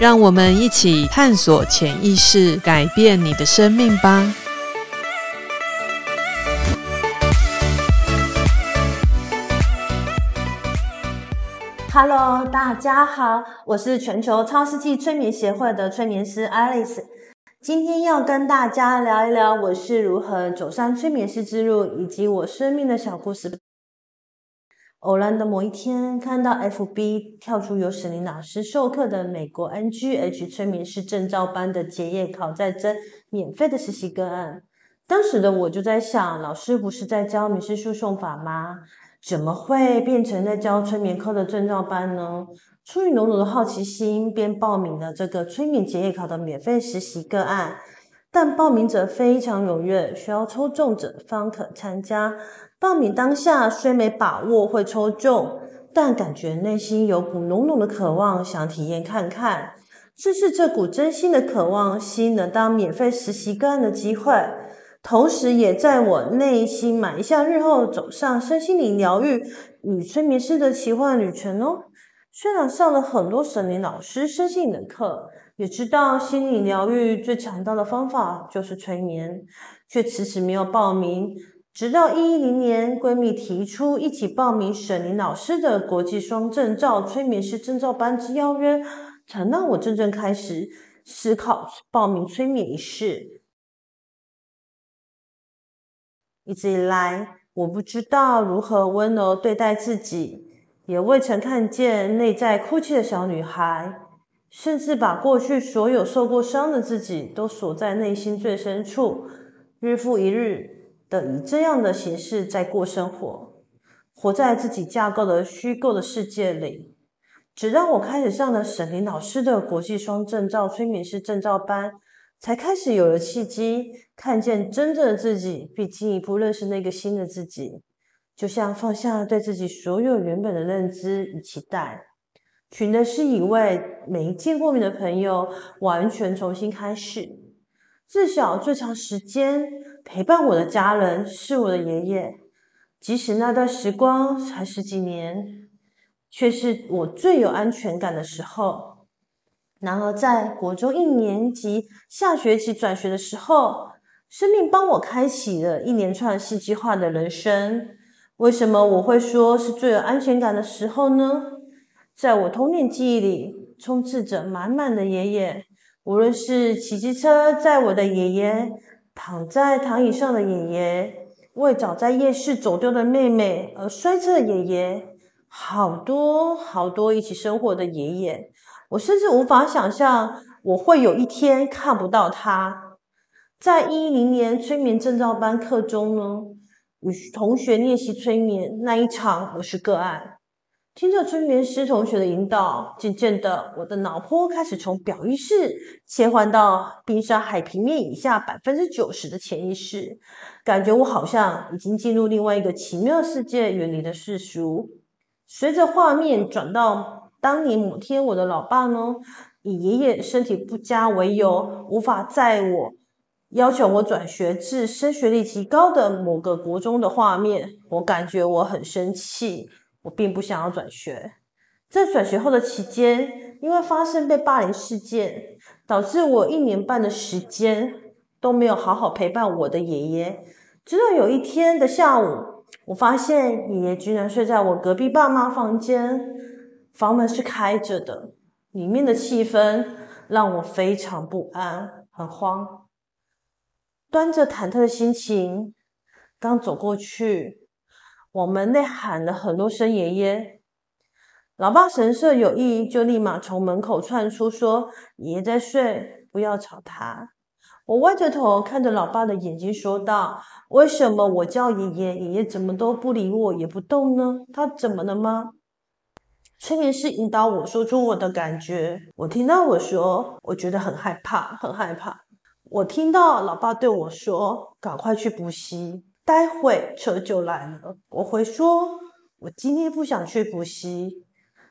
讓我們一起探索潛意識，改變你的生命吧！Hello，大家好，我是全球超世紀催眠協會的催眠師 Alice，今天要跟大家聊一聊我是如何走上催眠師之路，以及我生命的小故事。偶然的某一天，看到 FB 跳出由沈伶老師授課的美國 NGH 催眠師證照班的結業考在徵免費的實習個案，當時的我就在想，老師不是在教民事訴訟法嗎？怎麼會變成在教催眠課的證照班呢？出於濃濃的好奇心，便報名了這個催眠結業考的免費實習個案。但報名者非常踴躍，需要抽中者方可參加。報名當下雖沒把握會抽中，但感覺內心有股濃濃的渴望，想體驗看看。正是這股真心的渴望，吸引能當免費實習個案的機會，同時也在我內心埋下日後走上身心靈療癒與催眠師的奇幻旅程哦。雖然上了很多沈伶老師身心靈的課。也知道心理療癒最強大的方法就是催眠，卻遲遲沒有報名。直到110年，閨蜜提出一起報名沈伶老師的國際雙證照催眠師證照班之邀約，才讓我真正開始思考報名催眠一事。一直以來，我不知道如何溫柔對待自己，也未曾看見內在哭泣的小女孩。甚至把過去所有受過傷的自己都鎖在內心最深處，日復一日地以這樣的形式在過生活，活在自己架構的虛構的世界裡。直到我開始上了沈伶老師的國際雙證照催眠師證照班，才開始有了契機，看見真正的自己，並進一步認識那個新的自己。就像放下了對自己所有原本的認知與期待。群的是一位沒見過面的朋友，完全重新開始。自小最長時間陪伴我的家人是我的爺爺，即使那段時光才十幾年，卻是我最有安全感的時候。然而，在國中一年級下學期轉學的時候，生命幫我開啟了一連串戲劇化的人生。為什麼我會說是最有安全感的時候呢？在我童年記憶裡，充斥着滿滿的爺爺。無論是騎機車載我的爺爺，躺在躺椅上的爺爺，為找在夜市走丟的妹妹而摔車的爺爺，好多好多一起生活的爺爺，我甚至無法想象，我會有一天看不到他。在110年催眠證照班課中呢，與同學練習催眠那一場，我是個案。聽着催眠師同學的引導，漸漸的，我的腦波開始從表意識切換到冰山海平面以下百分之九十的潛意識，感覺我好像已經進入另外一個奇妙世界，遠離的世俗。隨着畫面轉到當年某天，我的老爸呢，以爺爺身體不佳為由，無法載我，要求我轉學至升學率極高的某個國中的畫面，我感覺我很生氣。我並不想要轉學，在轉學後的期間，因為發生被霸凌事件，導致我一年半的時間都沒有好好陪伴我的爺爺。直到有一天的下午，我發現爺爺居然睡在我隔壁爸媽房間，房門是開着的，裡面的氣氛讓我非常不安，很慌。端着忐忑的心情，剛走過去。我們內喊了很多聲爺爺，老爸神色有異，就立馬從門口竄出，說：“爺爺在睡，不要吵他。”我歪着頭看着老爸的眼睛，說道：“為什麼我叫爺爺，爺爺怎麼都不理我，也不動呢？他怎麼了嗎？”催眠師引導我說出我的感覺，我聽到我說：“我覺得很害怕，很害怕。”我聽到老爸對我說：“趕快去補習。”待會車就來了，我回說，我今天不想去補習，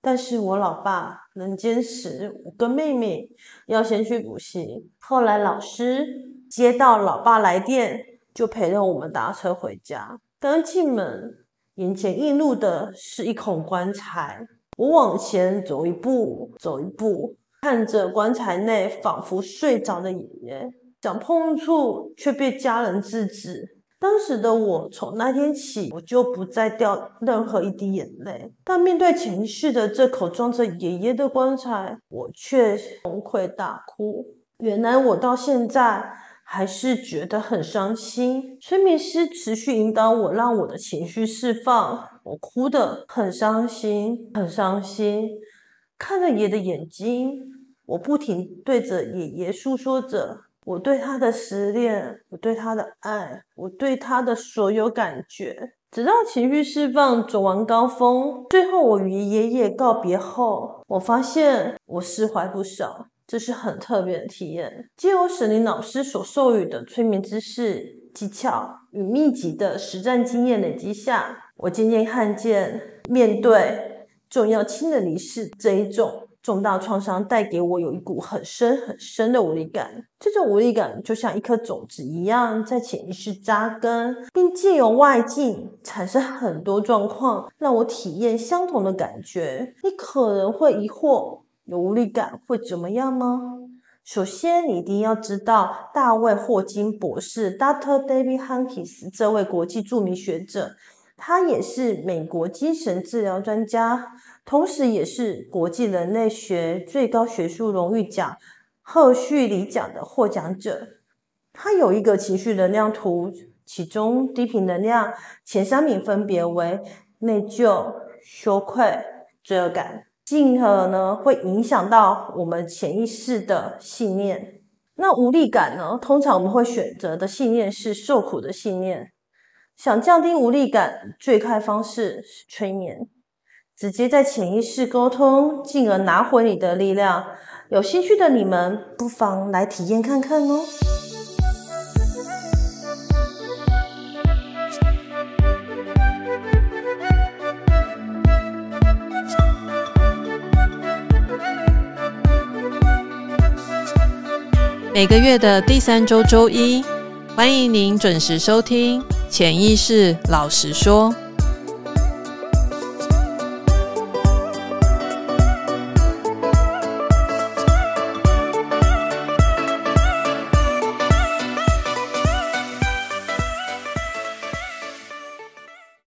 但是我老爸能堅持。我跟妹妹要先去補習。後來老師接到老爸來電，就陪着我們搭車回家。剛進門，眼前映入的是一口棺材。我往前走一步，走一步，看着棺材內仿佛睡着的爺爺，想碰觸卻被家人制止。當時的我，從那天起，我就不再掉任何一滴眼淚，但面對情緒的這口裝着爺爺的棺材，我卻崩潰大哭。原來我到現在還是覺得很傷心。催眠師持續引導我，讓我的情緒釋放。我哭得很傷心，很傷心。看着爺的眼睛，我不停對着爺爺訴說着，我對他的思念，我對他的愛，我對他的所有感覺，直到情緒釋放，走完高峰，最後我與爺爺告別後，我發現我釋懷不少，這是很特別的體驗。藉由沈伶老師所授予的催眠知識、技巧與密集的實戰經驗累積下，我漸漸看見面對重要親人的離世這一種，重大創傷帶給我有一股很深很深的無力感。這種無力感就像一顆種子一樣在潛意識扎根，並借由外境產生很多狀況，讓我體驗相同的感覺。你可能會疑惑，有無力感會怎麼樣嗎？首先，你一定要知道，大衛霍金博士 （Dr. David h u n k i n s 這位國際著名學者，他也是美國精神治療專家。同時，也是國際人類學最高學術榮譽獎——赫胥黎獎的獲獎者。他有一個情緒能量圖，其中低頻能量前三名分別為內疚、羞愧、罪惡感。進而呢，會影響到我們潛意識的信念。那無力感呢，通常我們會選擇的信念是受苦的信念。想降低無力感，最快方式是催眠。直接在潛意識溝通，進而拿回你的力量。有興趣的你們，不妨來體驗看看哦。每個月的第三周周一，歡迎您準時收聽《潛意識老實說》。